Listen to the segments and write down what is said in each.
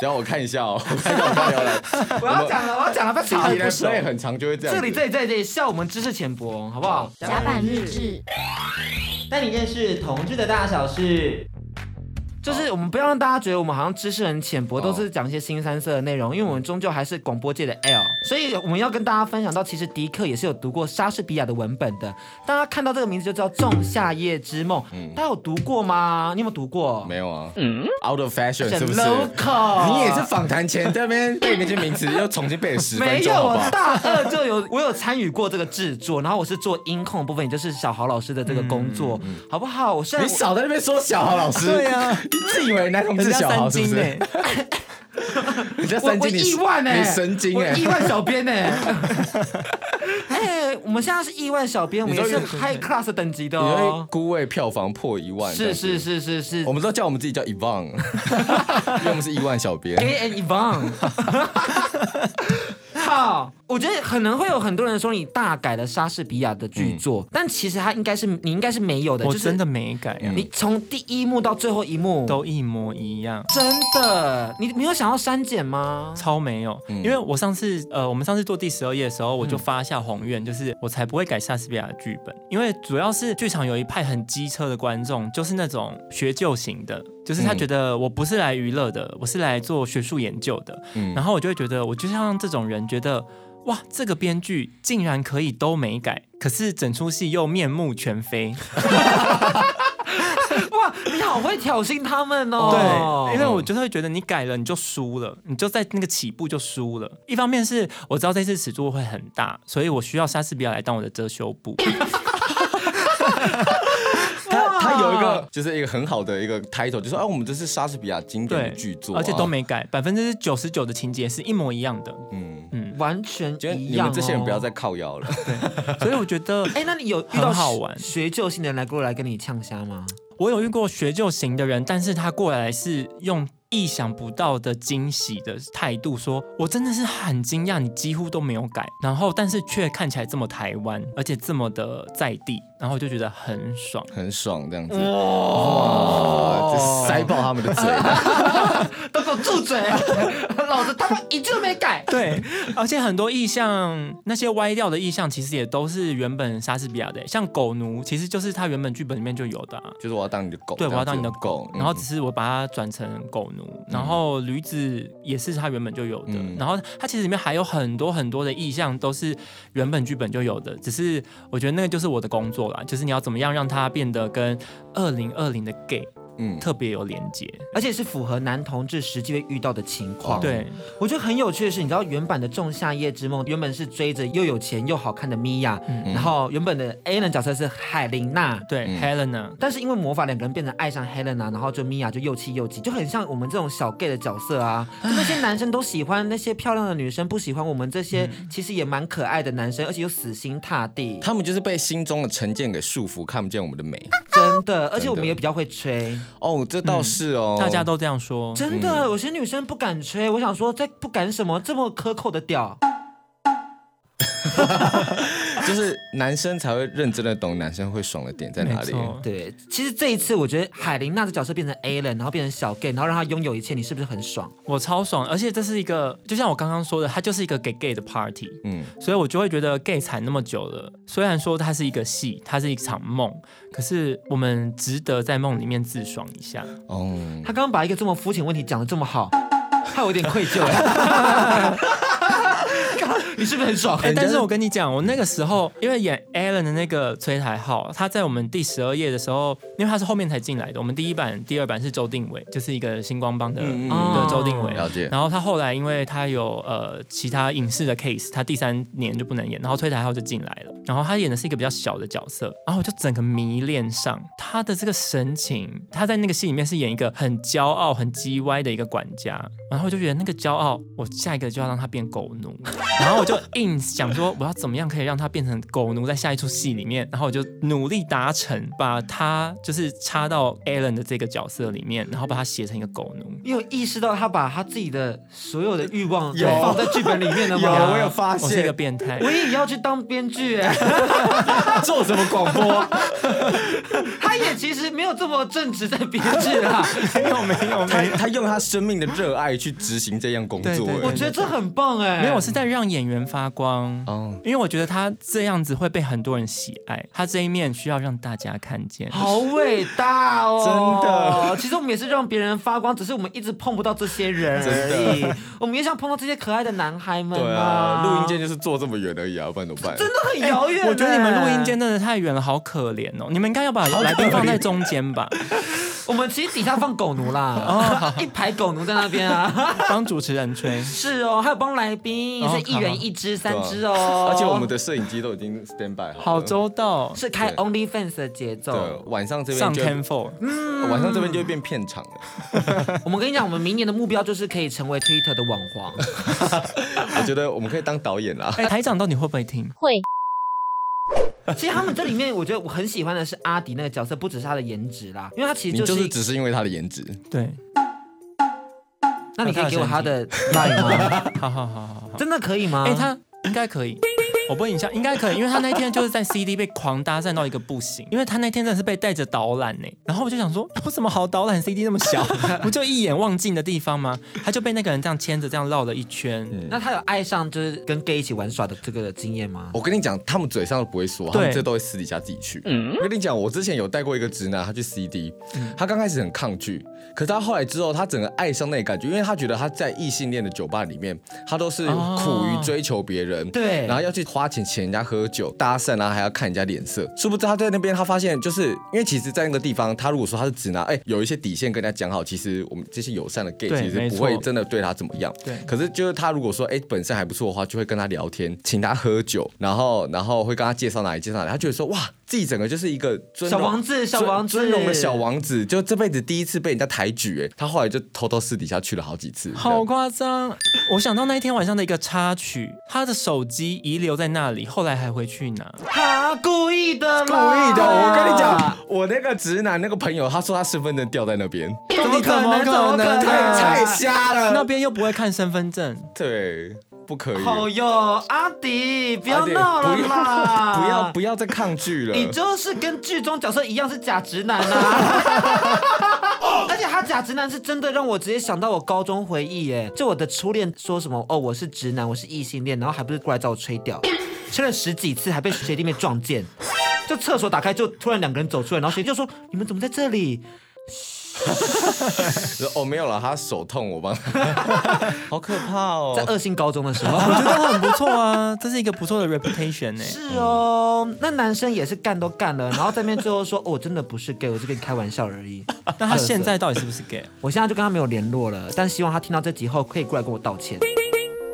等一下我看一下哦，我要講了，我要講了，不要吵，所以很常就會這樣這。這裡這裡這裡笑我們知識淺薄，好不好？甲板日誌，帶 你認識同志的大小事。就是我們不要讓大家覺得我們好像知識很淺薄，哦、都是講一些新三色的內容，因為我們終究還是廣播界的 L，所以我們要跟大家分享到，其實迪克也是有讀過莎士比亞的文本的。大家看到這個名字就叫《仲夏夜之夢》，嗯、大家有讀過嗎？你有沒有讀過？沒有啊。嗯 Out of fashion，是不是？Local， 你也是訪談前在那邊背那些名字，又重新背了十分鐘，沒有啊，好好大二就有，我有參與過這個制作，然後我是做音控的部分，也就是小豪老師的這個工作，嗯嗯嗯好不好？我雖然我你少在那邊說小豪老師。 對呀、啊。你自以為男同是小豪是不是？你叫神經？你萬神經哎，億萬、欸欸、萬小編哎、欸 欸！我們現在是億萬小編，說我們是 high class 等級的哦、喔。孤位票房破一萬，是是是是是，是，我們都叫我們自己叫 Evan，因為我們是億萬小編。哎哎，Evan！好。我覺得可能會有很多人說，你大改了莎士比亞的劇作，嗯、但其實他應該是，你應該是沒有的。我真的沒改呀！你從第一幕到最後一幕都一模一樣，真的？你沒有想要刪減嗎？超沒有，因為我上次呃，我們上次做第十二夜的時候，我就發下宏願，就是我才不會改莎士比亞的劇本，因為主要是劇場有一派很機車的觀眾，就是那種學究型的，就是他覺得我不是來娛樂的，我是來做學術研究的。嗯、然後我就會覺得，我就像這種人覺得。哇，這個編劇竟然可以都沒改，可是整齣戲又面目全非。 哇，你好會挑釁他們哦！對，因為我就是會覺得你改了你就輸了，你就在那個起步就輸了。一方面是我知道這次尺度會很大，所以我需要莎士比亞來當我的遮羞布。 他有一個就是一個很好的一個 title，就是說啊，我們這是莎士比亞經典的巨作，啊，而且都沒改，百分之九十九的情節是一模一樣的。嗯。完全一樣、哦，我覺得你們這些人不要再靠腰了。 對，所以我覺得，哎、欸，那你有遇到學究 玩型的人來過來跟你嗆蝦嗎？我有遇過學究型的人，但是他過來是用意想不到的驚喜的態度說，說我真的是很驚訝，你幾乎都沒有改，然後但是卻看起來這麼台灣，而且這麼的在地。然後我就覺得很爽，很爽這樣子，嗯哦、這塞爆他們的嘴，啊， 都給我住嘴，啊！老子他們一句都沒改。對，而且很多意象，那些歪掉的意象，其實也都是原本莎士比亞的，像狗奴，其實就是他原本劇本裡面就有的，啊。就是我要當你的狗。對，我要當你的狗，然後只是我把它轉成狗奴，嗯、然後驢子也是他原本就有的，嗯、然後他其實裡面還有很多很多的意象都是原本劇本就有的，只是我覺得那個就是我的工作。就是你要怎麼樣讓它變得跟二零二零的 gay。嗯，特別有連接，而且是符合男同志實際會遇到的情況。哦、對我覺得很有趣的是，你知道原版的《仲夏夜之夢》原本是追着又有錢又好看的米婭、嗯，嗯、然後原本的 Alan 角色是海琳娜，對、嗯、Helena，但是因為魔法兩個人變成愛上 Helena 然後就米婭就又氣又急，就很像我們這種小 gay 的角色啊。啊那些男生都喜歡那些漂亮的女生，不喜歡我們這些其實也蠻可愛的男生，嗯、而且又死心塌地。他們就是被心中的成見給束縛，看不見我們的美。真的，而且我們也比較會吹。哦，這倒是哦、嗯，大家都這樣說，真的、嗯、有些女生不敢吹。我想說，再不敢什麼這麼苛刻的屌。 就是男生才會認真的懂，男生會爽的點在哪裡？對，其實這一次我覺得海琳娜的角色變成 A 了，然後變成小 gay，然後讓他擁有一切，你是不是很爽？我超爽，而且這是一個，就像我剛剛說的，他就是一個給 gay 的 party。嗯，所以我就會覺得 gay 慘那麼久了，雖然說它是一個戲，它是一場夢，可是我們值得在夢裡面自爽一下。哦，他剛剛把一個這麼膚淺問題講得這麼好，害我有點愧疚。 你是不是很爽、啊？欸、但是我跟你講，我那個時候因為演 Allen 的那個崔台鎬，他在我們第十二夜的時候，因為他是後面才進來的。我們第一版、第二版是周定緯，就是一個星光幫的,、嗯嗯、的周定緯。哦、了解。然後他後來因為他有呃其他影視的 case，他第三年就不能演，然後崔台鎬就進來了。然後他演的是一個比較小的角色，然後我就整個迷戀上他的這個神情。他在那個戲裡面是演一個很驕傲、很 G Y 的一個管家，然後我就覺得那個驕傲，我下一個就要讓他變狗奴。 然後。就硬想說我要怎麼樣可以讓他變成狗奴在下一齣戲裡面，然後我就努力達成，把他就是插到 Alan 的這個角色裡面，然後把他寫成一個狗奴。你有意識到他把他自己的所有的欲望放在劇本裡面了嗎？有，有，我有發現。我是一個變態。我也要去當編劇、欸， 做什麼廣播？他也其實沒有這麼正直在編劇啦。沒有，沒有，沒有，他他用他生命的熱愛去執行這樣工作。我覺得這很棒哎、欸。沒有，我是在讓演員。發光，因為我覺得他這樣子會被很多人喜愛，他這一面需要讓大家看見，好偉大哦！ 真的，其實我們也是讓別人發光，只是我們一直碰不到這些人而已。真的我們也想碰到這些可愛的男孩們，對啊，錄音間就是坐這麼遠而已啊，不然怎麼辦？真的很遙遠，欸，我覺得你們錄音間真的太遠了，好可憐哦！ 你們應該要把來賓放在中間吧。可 我們其實底下放狗奴啦，一排狗奴在那邊啊，幫、喔喔、 主持人吹，是哦、喔，還有幫來賓，是一人一隻，三隻哦。而且我們的攝影機都已經 stand by，好周到、喔，是開 Only Fans 的節奏。對，對，晚上這邊上 ten four，晚上這邊就會變片場了。 嗯、我們跟你講，我們明年的目標就是可以成為 Twitter 的網黃。我覺得我們可以當導演啦。 台長到底會不會聽？會。 其實他們這裡面，我覺得我很喜歡的是阿迪那個角色，不只是他的顏值啦，因為他其實就是，就是只是因為他的顏值。對，那你可以給我他的 line 嗎？好 好好好好，真的可以嗎？哎、欸，他應該可以。咪咪我不影響，應該可以，因為他那天就是在 CD 被狂搭訕到一個不行，因為他那天真的是被帶着導覽呢、欸。然後我就想說，我怎麼好導覽 CD 那麼小、啊？ 不就一眼望盡的地方嗎？他就被那個人這樣牽着，這樣繞了一圈。是那他有愛上就是跟 gay 一起玩耍的這個的經驗嗎？我跟你講，他們嘴上都不會說，他們這都會私底下自己去。對我跟你講，我之前有帶過一個直男，他去 CD，他剛開始很抗拒，可是他後來之後，他整個愛上那個感覺，因為他覺得他在異性戀的酒吧裡面，他都是苦於追求別人，哦、對，然後要去。花錢請人家喝酒搭訕啊，還要看人家臉色。殊不知他在那邊，他發現就是因為其實，在那個地方，他如果說他是只拿哎有一些底線跟人家講好，其實我們這些友善的 gay 其實不會真的對他怎麼樣。對，可是就是他如果說哎本身還不錯的話，就會跟他聊天，請他喝酒，然後然後會跟他介紹哪裡介紹哪裡。他覺得說哇，自己整個就是一個尊小王子，小王子尊榮的小王子，就這輩子第一次被人家抬舉，欸。哎，他後來就偷偷私底下去了好幾次，好誇張。這樣。我想到那一天晚上的一個插曲，他的手機遺留在那裡，後來還回去拿，他故意的，故意的。我跟你講，我那個直男那個朋友，他說他身份證掉在那邊，怎麼可能？怎麼可能？太瞎了，那邊又不會看身份證，對。不可以！好喲，阿迪，阿迪，不要鬧了啦！不要不要再抗拒了。 你就是跟劇中角色一樣是假直男啦、啊！ 而且他假直男是真的讓我直接想到我高中回憶，哎，就我的初戀說什麼哦，我是直男，我是異性戀，然後還不是過來找我吹掉，吹了十幾次還被學弟妹撞見，就廁所打開就突然兩個人走出來，然後學弟就說你們怎麼在這裡？ 哦，沒有了，他手痛，我幫他。 好可怕哦，在惡性高中的時候， 我覺得他很不錯啊， 這是一個不錯的 reputation 呢、欸。是哦，那男生也是幹都幹了，然後在那邊最後說，我、 哦、真的不是 gay，我就跟你開玩笑而已。 但他現在到底是不是 gay？我現在就跟他沒有聯絡了， 但希望他聽到這集後可以過來跟我道歉。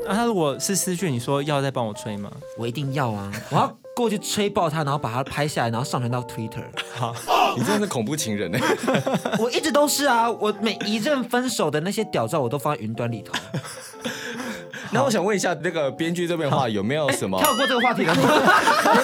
那、啊、他如果是私訊，你說要再幫我吹嗎？我一定要啊，我要過去吹爆他，然後把他拍下來，然後上傳到 Twitter。 好。你真的是恐怖情人呢、欸。 我一直都是啊，我每一任分手的那些屌照我都放在雲端裡頭。那 我想問一下，那個編劇這邊的話，有沒有什麼、欸？跳過這個話題了？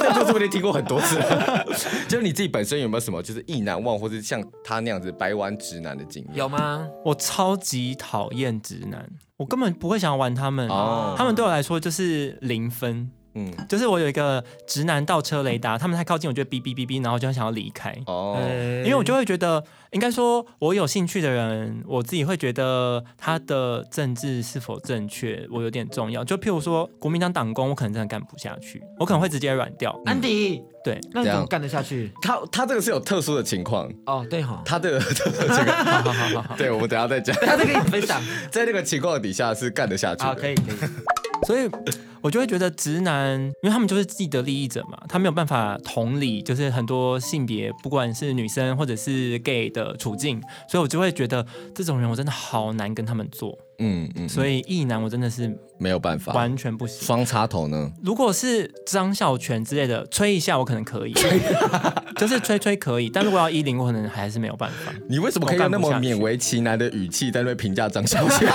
在座 就是我已經聽過很多次了， 就是你自己本身有沒有什麼，就是意難忘或者像他那樣子白玩直男的經驗？有嗎？我超級討厭直男，我根本不會想要玩他們，哦、他們對我來說就是零分。嗯，就是我有一個直男倒車雷達，他們太靠近，我就嗶嗶嗶嗶，然後就很想要離開哦。因為我就會覺得，應該說，我有興趣的人，我自己會覺得他的政治是否正確，我有點重要。就譬如說，國民黨黨工，我可能真的幹不下去，我可能會直接軟掉。安迪，對，那你怎麼幹得下去？他他這個是有特殊的情況哦，對哈，他的這個，對，我們等下再講，他跟你分享，在那個情況底下是幹得下去，好，可以可以，所以。我就會覺得直男，因為他們就是既得利益者嘛，他沒有辦法同理，就是很多性別，不管是女生或者是 gay 的處境，所以我就會覺得這種人我真的好難跟他們做，嗯嗯，嗯所以異男我真的是沒有辦法，完全不行。雙插頭呢？如果是張孝全之類的，吹一下我可能可以， 就是吹吹可以，但如果要一零，我可能還是沒有辦法。你為什麼可以有那麼勉為其難的語氣在那邊評價張孝全？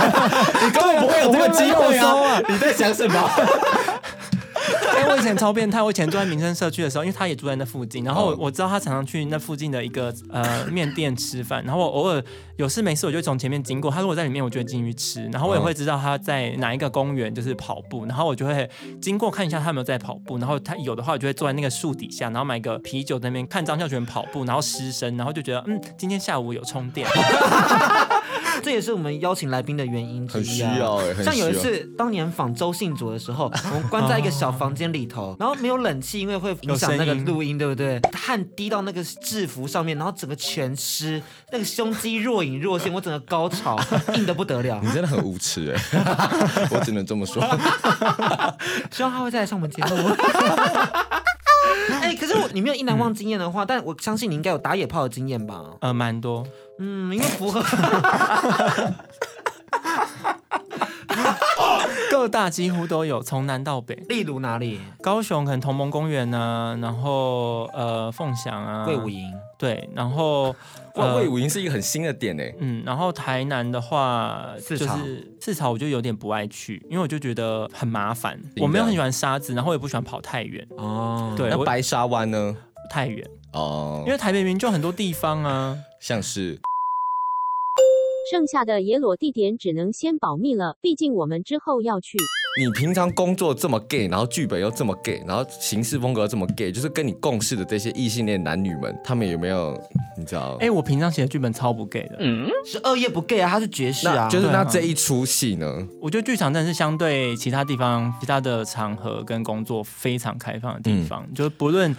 你根本不會有這個機會說啊！ 你在想什麼？ 我以前超變態，我以前住在民生社區的時候，因為他也住在那附近，然後我知道他常常去那附近的一個呃麵店吃飯，然後我偶爾有事沒事我就會從前面經過，他如果在裡面，我就會進去吃，然後我也會知道他在哪一個公園就是跑步，然後我就會經過看一下他有沒有在跑步，然後他有的話，我就會坐在那個樹底下，然後買個啤酒在那邊看張孝全跑步，然後失聲，然後就覺得嗯，今天下午有充電。 這也是我們邀請來賓的原因之一啊！欸、像有一次，當年訪周信卓的時候，我們關在一個小房間裡頭， 哦、然後沒有冷氣，因為會影響那個錄音，音對不對？汗滴到那個製服上面，然後整個全濕，那個胸肌若隱若現，我整個高潮 硬得不得了。你真的很無恥哎、欸！ 我只能這麼說。 希望他會再來上我們節目。哎、 欸，可是我你沒有一難忘經驗的話，嗯、但我相信你應該有打野炮的經驗吧？呃，蠻多。嗯，應該符合 各大幾乎都有，從南到北，例如哪裡？高雄可能同盟公園吶、啊，然後呃鳳翔啊，衛武營，對，然後啊衛、呃、武營是一個很新的點呢。嗯，然後台南的話，朝就是四草我就有點不愛去，因為我就覺得很麻煩，白我沒有很喜歡沙子，然後也不喜歡跑太遠哦，對，那白沙灣呢？太遠。哦，因為台北民眾很多地方啊，像是剩下的野裸地點只能先保密了，畢竟我們之後要去。你平常工作這麼 gay，然後劇本又這麼 gay，然後行事風格又這麼 gay，就是跟你共事的這些異性戀男女們，他們有沒有你知道？哎、欸，我平常寫的劇本超不 gay 的，嗯，是二夜不 gay 啊，他是爵士啊，就是那這一出戲呢、啊？我覺得劇場真的是相對其他地方、其他的場合跟工作非常開放的地方，嗯、就是不論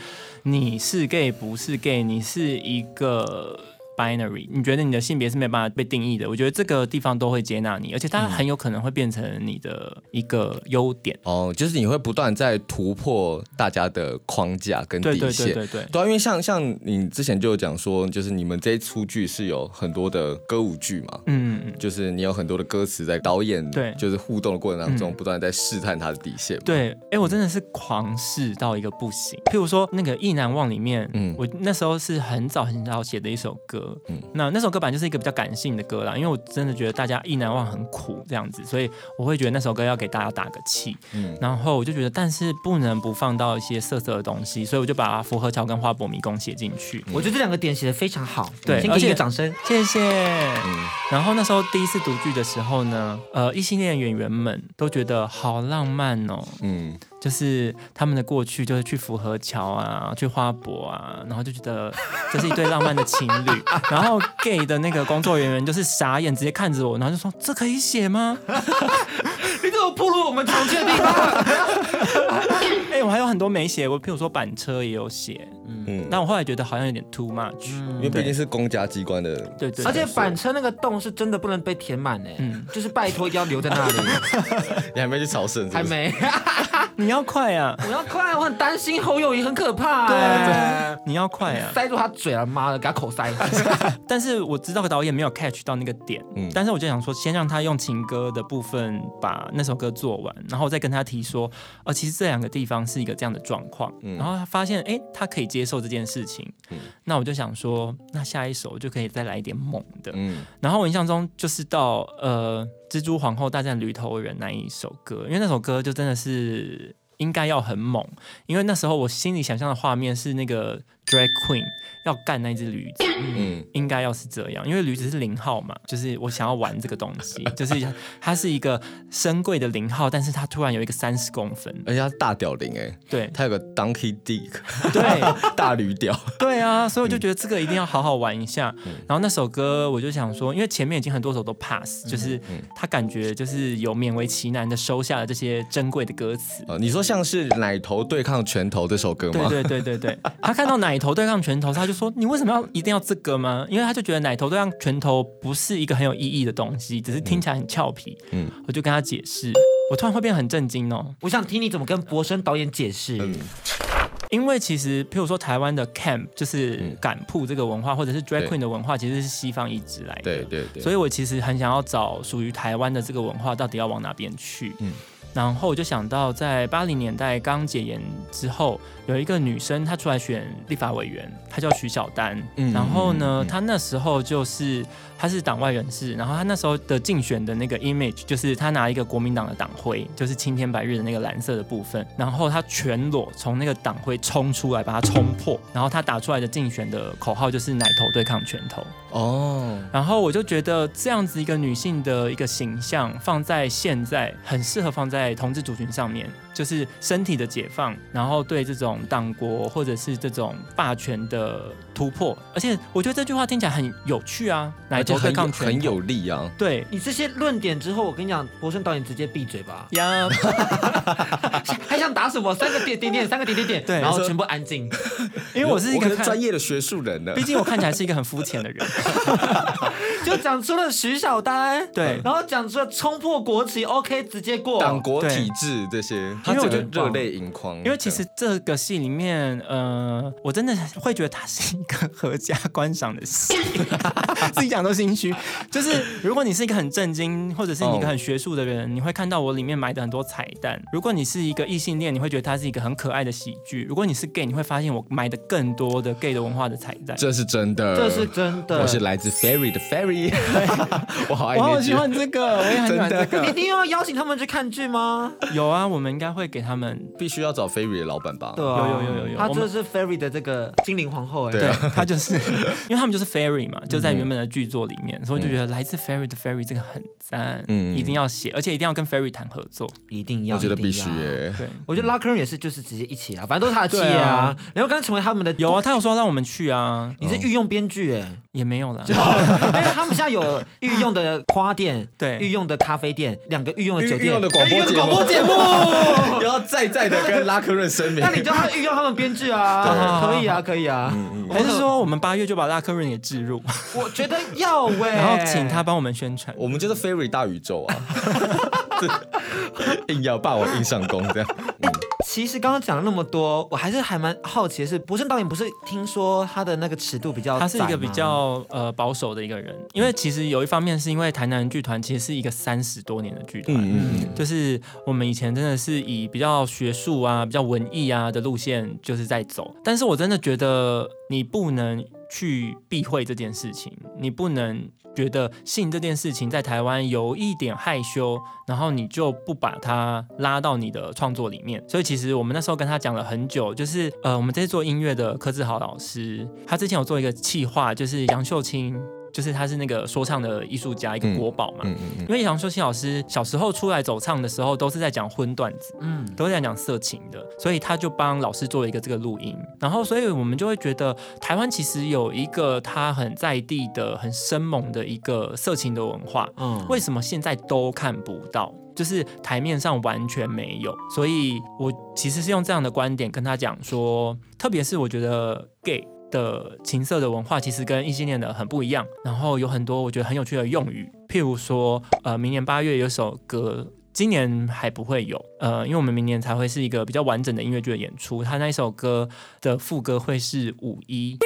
你是 gay 不是 gay，你是一個。Binary，你覺得你的性別是沒辦法被定義的？我覺得這個地方都會接納你，而且它很有可能會變成你的一個優點、嗯、哦。就是你會不斷在突破大家的框架跟底線，對，對對對對對。對、啊、因為像像你之前就有講說，就是你們這一出劇是有很多的歌舞劇嘛，嗯，就是你有很多的歌詞在導演對，就是互動的過程當中，嗯、不斷在試探他的底線。對，哎，我真的是狂試到一個不行。譬如說那個《意難忘》裡面，嗯，我那時候是很早很早寫的一首歌。嗯、那那首歌版就是一個比較感性的歌啦，因為我真的覺得大家意難忘很苦這樣子，所以我會覺得那首歌要給大家打個氣。嗯，然後我就覺得，但是不能不放到一些色色的東西，所以我就把《福和橋》跟《花博迷宮》寫進去。嗯、我覺得這兩個點寫的非常好，對，而且掌聲，謝謝謝。嗯、然後那時候第一次讀劇的時候呢，呃，異性戀演員們都覺得好浪漫哦。嗯。就是他們的過去，就是去福和橋啊，去花博啊，然後就覺得這是一對浪漫的情侶。 然後 gay 的那個工作人員就是傻眼，直接看着我，然後就說：“這可以寫嗎？ 你怎麼步入我們常見的地方？” 很多沒寫過，譬如說板車也有寫，嗯，但我後來覺得好像有點 too much，因為畢竟是公家機關的，對對，而且板車那個洞是真的不能被填滿呢，嗯，就是拜託一定要留在那裡。你還沒去朝聖？還沒，你要快啊！我要快，我很擔心侯友宜很可怕，對，你要快啊！塞住他嘴啊，媽的，給他口塞。但是我知道導演沒有 catch 到那個點，嗯，但是我就想說，先讓他用情歌的部分把那首歌做完，然後再跟他提說，呃，其實這兩個地方是一個。這樣的狀況，嗯、然後他發現，哎，他可以接受這件事情。嗯、那我就想說，那下一首就可以再來一點猛的。嗯、然後我印象中就是到呃《蜘蛛皇後大戰驢頭人》那一首歌，因為那首歌就真的是應該要很猛，因為那時候我心裡想象的畫面是那個 Drag Queen 要幹那只驢子。嗯，應該要是這樣，因為驢子是零號嘛，就是我想要玩這個東西，就是它是一個珍貴的零號，但是它突然有一個三十公分，而且它大屌零哎、欸，對，它有個 Donkey Dick，對， 大驢屌雕，對啊，所以我就覺得這個一定要好好玩一下。嗯、然後那首歌，我就想說，因為前面已經很多首都 pass，就是他感覺就是有勉為其難的收下了這些珍貴的歌詞啊、嗯。你說像是奶頭對抗拳頭這首歌嗎？對對對對對，他看到奶頭對抗拳頭，他就說你為什麼要一定要。這個嗎？因為他就覺得奶頭就像拳頭，不是一個很有意義的東西，只是聽起來很俏皮。嗯，嗯我就跟他解釋，我突然會變很震驚哦。我想聽你怎麼跟柏伸導演解釋。嗯、因為其實，譬如說，台灣的 camp 就是敢曝這個文化，嗯、或者是 drag queen 的文化，對其實是西方一直來的。對對對。對對對，所以我其實很想要找屬於台灣的這個文化，到底要往哪邊去？嗯。然後我就想到，在八零年代剛解嚴之後，有一個女生她出來選立法委員，她叫許曉丹。嗯，然後呢，嗯、她那時候就是她是黨外人士，然後她那時候的競選的那個 image 就是她拿一個國民黨的黨徽，就是青天白日的那個藍色的部分，然後她全裸從那個黨徽衝出來，把它衝破，然後她打出來的競選的口號就是“奶頭對抗拳頭”。哦，然後我就覺得這樣子一個女性的一個形象放在現在很適合放在。在同志族群上面，就是身體的解放，然後對這種黨國或者是這種霸權的突破。而且我覺得這句話聽起來很有趣啊，對抗權很，很有利啊？對你這些論點之後，我跟你講，柏伸導演直接閉嘴吧。 是我三個點點點，三個點點點，然後全部安靜。因為我是一個是專業的學術人呢，畢竟我看起來是一個很膚淺的人， 就講出了徐小呆，對，然後講出了衝破國旗、嗯、o、OK, k 直接過黨國體制對這些，他覺得個熱淚盈眶。嗯、因為其實這個戲裡面，呃，我真的會覺得他是一個闔家觀賞的戲， 自己講都心虛。就是如果你是一個很正經，或者是一個很學術的人，嗯、你會看到我裡面埋的很多彩蛋。如果你是一個異性戀，你會覺得它是一個很可愛的喜劇。如果你是 gay，你會發現我買的更多的 gay 的文化的彩蛋。這是真的，這是真的。我是來自 Fairy 的 Fairy，我好愛我好喜歡這個，我也很喜歡這個。你一定要邀請他們去看劇嗎？有啊，我們應該會給他們，必須要找 Fairy 的老闆吧？對，有有有有有，他就是 Fairy 的這個精靈皇后哎，對，他就是，因為他們就是 Fairy 嘛，就在原本的劇作裡面，所以我就覺得來自 Fairy 的 Fairy 這個很讚，嗯，一定要寫，而且一定要跟 Fairy 談合作，一定要，我覺得必須哎，對，我覺得。拉克人也是，就是直接一起啊，反正都是他的啊。然後剛成為他們的有啊，他有說讓我們去啊。你是御用編劇哎，也沒有了。哎，他們現在有御用的花店，對，御用的咖啡店，兩個御用的酒店，御用的廣播節目，然後再再的跟拉克人聲明，那你叫他御用他們編劇啊，可以啊，可以啊。還是說，我們八月就把拉克人也置入。我覺得要喂。然後請他幫我們宣傳。我們就是 Fairy 大宇宙啊，硬要把我硬上弓這樣。其實剛剛講了那麼多，我還是還蠻好奇的是，柏伸導演不是聽說他的那個尺度比較、啊，他是一個比較呃保守的一個人。因為其實有一方面是因為台南劇團其實是一個三十多年的劇團，嗯嗯嗯就是我們以前真的是以比較學術啊、比較文藝啊的路線就是在走。但是我真的覺得你不能去避諱這件事情，你不能。覺得性這件事情在台灣有一點害羞，然後你就不把它拉到你的創作裡面。所以其實我們那時候跟他講了很久，就是呃，我們這次做音樂的柯志豪老師，他之前有做一個企劃，就是楊秀卿。就是他是那個說唱的藝術家，一個國寶嘛。嗯嗯嗯嗯、因為楊秀清老師小時候出來走唱的時候，都是在講葷段子，嗯，都是在講色情的，所以他就幫老師做了一個這個錄音。然後，所以我們就會覺得台灣其實有一個他很在地的、很生猛的一個色情的文化。嗯，為什麼現在都看不到？就是台面上完全沒有。所以我其實是用這樣的觀點跟他講說，特別是我覺得 gay 的情色的文化其實跟異性戀的很不一樣，然後有很多我覺得很有趣的用語，譬如說，呃，明年八月有首歌，今年還不會有，呃，因為我們明年才會是一個比較完整的音樂劇的演出，它那一首歌的副歌會是五一，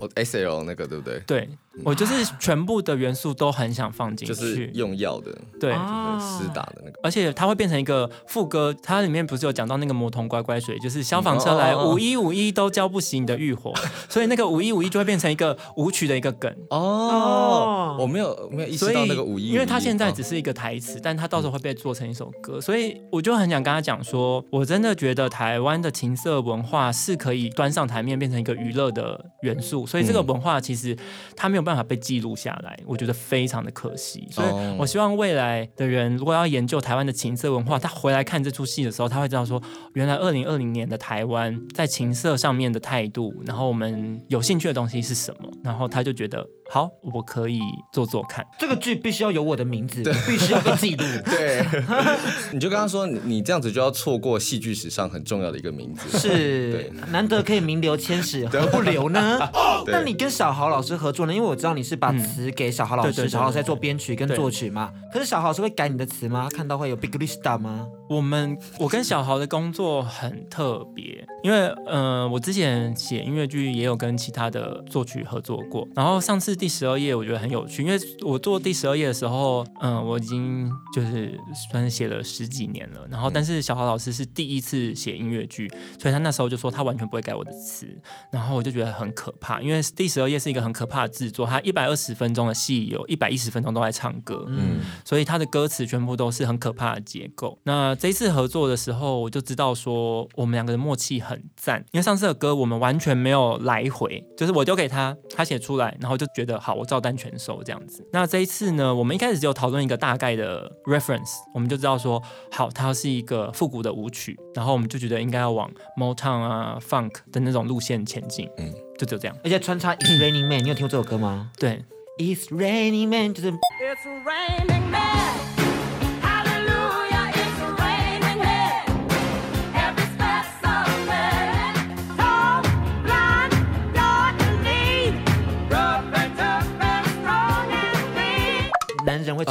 我 SL 那個對不對？對。我就是全部的元素都很想放進去，就是用藥的，對，是打的那個，而且它會變成一個副歌，它裡面不是有講到那個魔童乖乖水，就是消防車來五一五一都澆不熄你的欲火，所以那個五一五一就會變成一個舞曲的一個梗哦。我沒有沒有意識到那個五一，因為他現在只是一個台詞，但他到時候會被做成一首歌，所以我就很想跟他講說，我真的覺得台灣的情色文化是可以端上台面變成一個娛樂的元素，所以這個文化其實它沒有。沒有辦法被記錄下來，我覺得非常的可惜。所以，我希望未來的人如果要研究台灣的情色文化，他回來看這齣戲的時候，他會知道說，原來二零二零年的台灣在情色上面的態度，然後我們有興趣的東西是什麼，然後他就覺得。好，我可以做做看。這個劇必須要有我的名字，對必須要被記錄。對， 你就剛剛說，你這樣子就要錯過戲劇史上很重要的一個名字。是，對難得可以名留千史，何不留呢對、哦？那你跟小豪老師合作呢？因為我知道你是把詞給小豪老師，然後、嗯、在做編曲跟作曲嘛。對對對對，可是小豪是會改你的詞嗎？看到會有 Big Lista 嗎？我們，我跟小豪的工作很特別，因為，嗯、呃，我之前寫音樂劇也有跟其他的作曲合作過，然後上次。第十二夜我覺得很有趣，因為我做第十二夜的時候，嗯，我已經就是算是寫了十幾年了。然後，但是小豪老師是第一次寫音樂劇，所以他那時候就說他完全不會改我的詞。然後我就覺得很可怕，因為第十二夜是一個很可怕的制作，他一百二十分鐘的戲有一百一十分鐘都在唱歌，嗯，所以他的歌詞全部都是很可怕的結構。那這一次合作的時候，我就知道說我們兩個的默契很讚，因為上次的歌我們完全沒有來回，就是我丟給他，他寫出來，然後就覺得。好，我照單全收這樣子。那這一次呢，我們一開始只有討論一個大概的 reference，我們就知道說，好，它是一個復古的舞曲，然後我們就覺得應該要往 Motown 啊 Funk 的那種路線前進，嗯，就只有這樣。而且穿插 It's Raining Man，你有聽過這首歌嗎？對，It's Raining Man，就是。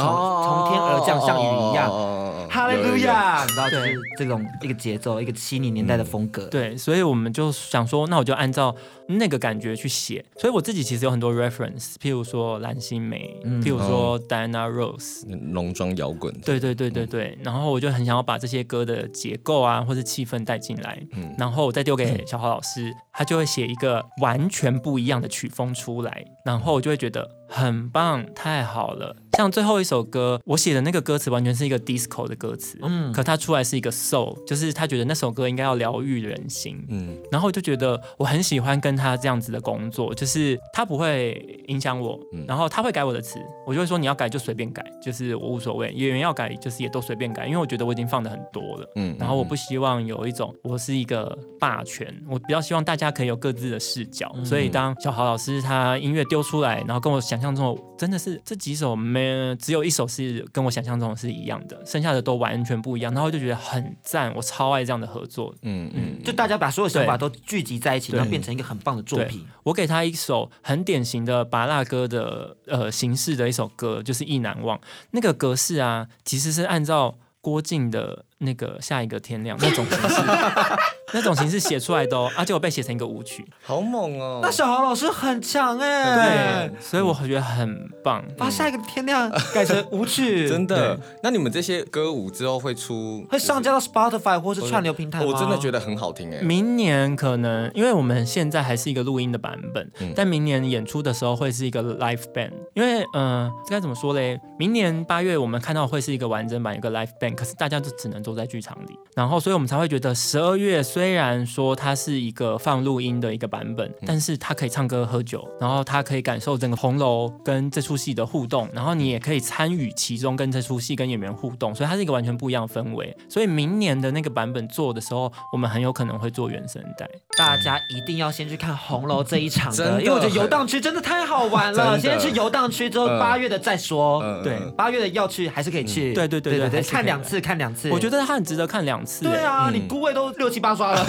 從從天而降，像雨一樣，哈利路亞，你知道，是這種一個節奏，一個七零年代的風格。對，所以我們就想說，那我就按照那個感覺去寫。所以我自己其實有很多 reference，譬如說藍心湄，譬如說 Diana Ross 濃妝搖滾。對對對對對，然後我就很想要把這些歌的結構啊，或是氣氛帶進來，然後我再丟給小豪老師，他就會寫一個完全不一樣的曲風出來，然後我就會覺得很棒，太好了。像最後一首歌，我寫的那個歌詞完全是一個 disco 的歌詞，嗯，可他出來是一個 soul，就是他覺得那首歌應該要療癒人心，嗯，然後我就覺得我很喜歡跟他這樣子的工作，就是他不會影響我，嗯，然後他會改我的詞，我就會說你要改就隨便改，就是我無所謂，演員要改就是也都隨便改，因為我覺得我已經放的很多了，嗯，然後我不希望有一種我是一個霸權，我比較希望大家可以有各自的視角，嗯，所以當小豪老師他音樂丟出來，然後跟我想象中的真的是這幾首沒。嗯，只有一首是跟我想象中的是一樣的，剩下的都完全不一樣，然後就覺得很讚，我超愛這樣的合作。嗯嗯，嗯，就大家把所有想法都聚集在一起，對然後變成一個很棒的作品。我給他一首很典型的芭樂歌的呃形式的一首歌，就是《意難忘》。那個格式啊，其實是按照郭靖的。那個下一個天亮那種形式， 那種形式寫出來的哦，而且我被寫成一個舞曲，好猛哦！那小豪老師很強哎、欸，對，對吧所以我覺得很棒，嗯、把下一個天亮改成舞曲， 真的。對那你們這些歌舞之後會出，就是、會上架到 Spotify 或是串流平台嗎？我真的覺得很好聽哎、欸。明年可能，因為我們現在還是一個錄音的版本，嗯、但明年演出的時候會是一個 live band，因為嗯這該怎麼說嘞？明年八月我們看到會是一個完整版，一個 live band，可是大家就只能做。都在劇場裡，然後，所以我們才會覺得十二月雖然說它是一個放錄音的一個版本，但是它可以唱歌、喝酒，然後它可以感受整個紅樓跟這出戲的互動，然後你也可以參與其中，跟這出戲跟演員互動，所以它是一個完全不一樣的氛圍。所以明年的那個版本做的時候，我們很有可能會做原聲帶。大家一定要先去看紅樓這一場的， 真的，因為我覺得遊蕩區真的太好玩了。真的，先去遊蕩區之後，八月的再說。呃、對，八月的要去還是可以去。對、嗯、對對對對，對對對，看兩次，看兩次。我覺得。但他很值得看兩次、欸。對啊，嗯、你顧位都六七八刷了，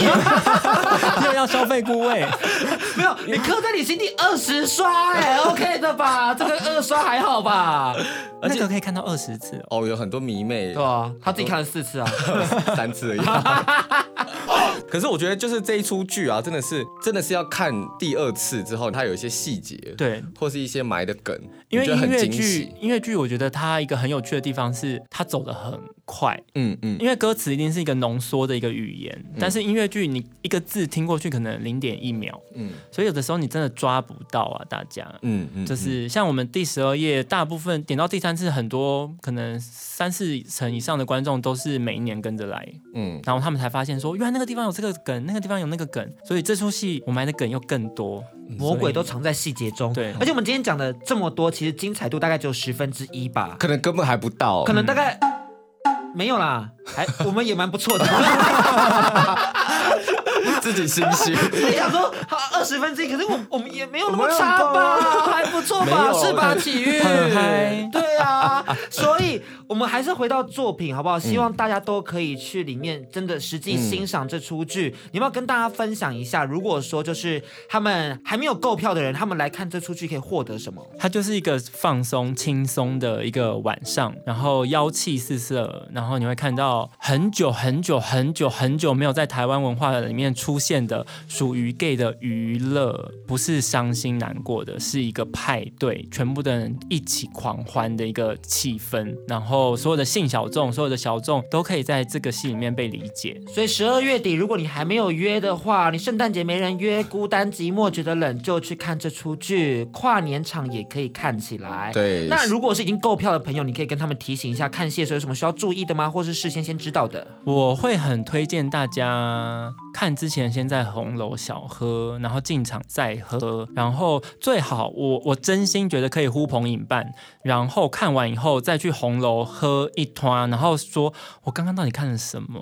又 要消費顧位， 沒有，你刻在你心底二十刷哎、欸、 ，OK 的吧？這個二刷還好吧？而且，而且都可以看到二十次、喔、哦，有很多迷妹。對啊，他自己看了四次啊， 三次而已、啊。 可是我覺得就是這一出劇啊，真的是真的是要看第二次之後，它有一些細節，對，或是一些埋的梗，因為音樂劇，音樂劇我覺得它一個很有趣的地方是它走的很快，嗯嗯，嗯因為歌詞一定是一個濃縮的一個語言，嗯，但是音樂劇你一個字聽過去可能零點一秒，嗯，所以有的時候你真的抓不到啊，大家，嗯嗯，就是像我們第十二夜，大部分點到第三次，很多可能三四成以上的觀眾都是每一年跟着來，嗯，然後他們才發現說原來那個地方有。個梗，那個地方有那個梗，所以這出戲我埋的梗又更多。魔鬼都藏在細節中，對。而且我們今天講的這麼多，其實精彩度大概只有十分之一吧，可能根本還不到，可能大概沒有啦，還我們也蠻不錯的，自己心虛，哎，想說好二十分之一，可是我我們也沒有那麼差吧，還不錯吧，是吧？體育對。啊， 所以我們還是回到作品好不好？希望大家都可以去裡面真的實際欣賞這出劇。你要不要跟大家分享一下？如果說就是他們還沒有購票的人，他們來看這出劇可以獲得什麼？它就是一個放鬆、輕鬆的一個晚上，然後妖氣四射，然後你會看到很久、很久、很久、很久沒有在台灣文化裡面出現的屬於 gay 的娛樂，不是傷心難過的，是一個派對，全部的人一起狂歡的。一個氣氛，然後所有的性小眾，所有的小眾都可以在這個戲裡面被理解。所以十二月底，如果你還沒有約的話，你聖誕節沒人約，孤單寂寞覺得冷，就去看這出劇，跨年場也可以看起來。對。那如果是已經購票的朋友，你可以跟他們提醒一下，看戲的時候有什麼需要注意的嗎？或是事先先知道的？我會很推薦大家。看之前先在紅樓小喝，然後進場再喝，然後最好我我真心覺得可以呼朋引伴，然後看完以後再去紅樓喝一通，然後說我剛剛到底看了什麼。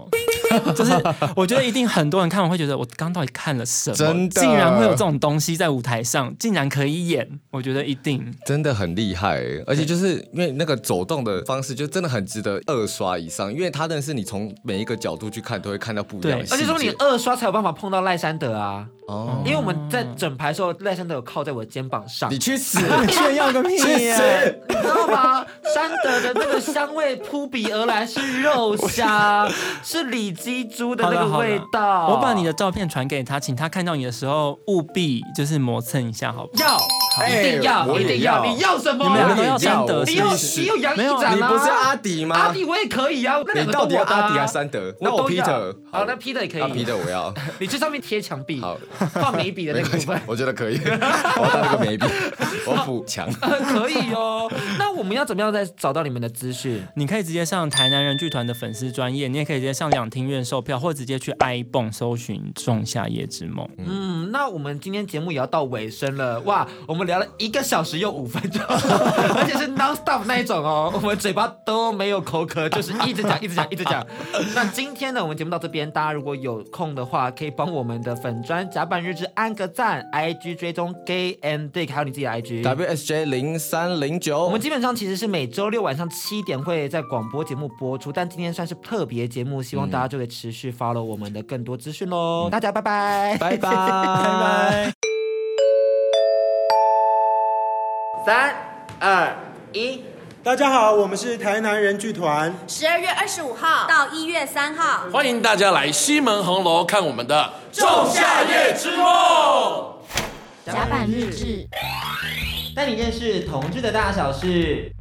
就是我覺得一定很多人看完會覺得，我剛到底看了什麼？真的竟然會有這種東西在舞台上，竟然可以演，我覺得一定真的很厲害，欸。而且就是因為那個走動的方式，就真的很值得二刷以上，因為他認的是你從每一個角度去看都會看到不一樣的。對，而且說你二刷才有辦法碰到賴山德啊。哦。因為我們在整排的時候，賴山德有靠在我的肩膀上。你去死！炫耀個屁！實你知道嗎？山德的那個香味撲鼻而來，是肉香，想是李。雞豬的那個味道，我把你的照片傳給他，請他看到你的時候務必就是磨蹭一下，好不好？要，一定要，一定要，你要什麼？你們要三德，我必須？沒有，你不是阿迪嗎？阿迪我也可以啊，那兩個都拿。你到底要阿迪還是三德？那我皮特。好，那皮特也可以。皮特我要。你去上面貼牆壁，放眉筆的那個部分，我覺得可以。我帶個眉筆，我補牆。可以哦，那我們要怎麼樣再找到你們的資訊？你可以直接上台南人劇團的粉絲專頁，你也可以直接上兩廳院售票，或直接去 ibon 搜尋《仲夏夜之夢》。嗯，那我們今天節目也要到尾聲了，哇，我們聊了一個小時又五分鐘， 而且是 non stop 那一種哦，我們嘴巴都沒有口渴，就是一直講一直講一直講。直講 那今天呢，我們節目到這邊，大家如果有空的話，可以幫我們的粉專甲板日誌按個讚，IG 追蹤 Gay and Dick，還有你自己 IG W S J 零三零九。我們基本上其實是每周六晚上七點會在廣播節目播出，但今天算是特別節目，希望大家就。會持續發了我們的更多資訊嘍、嗯，大家拜拜，拜拜，拜拜，三二一，3, 2, 大家好，我們是台南人劇團，十二月二十五號到一月三號，歡迎大家來西門紅樓看我們的《仲夏夜之夢》，甲板日誌帶你認識同志的大小事。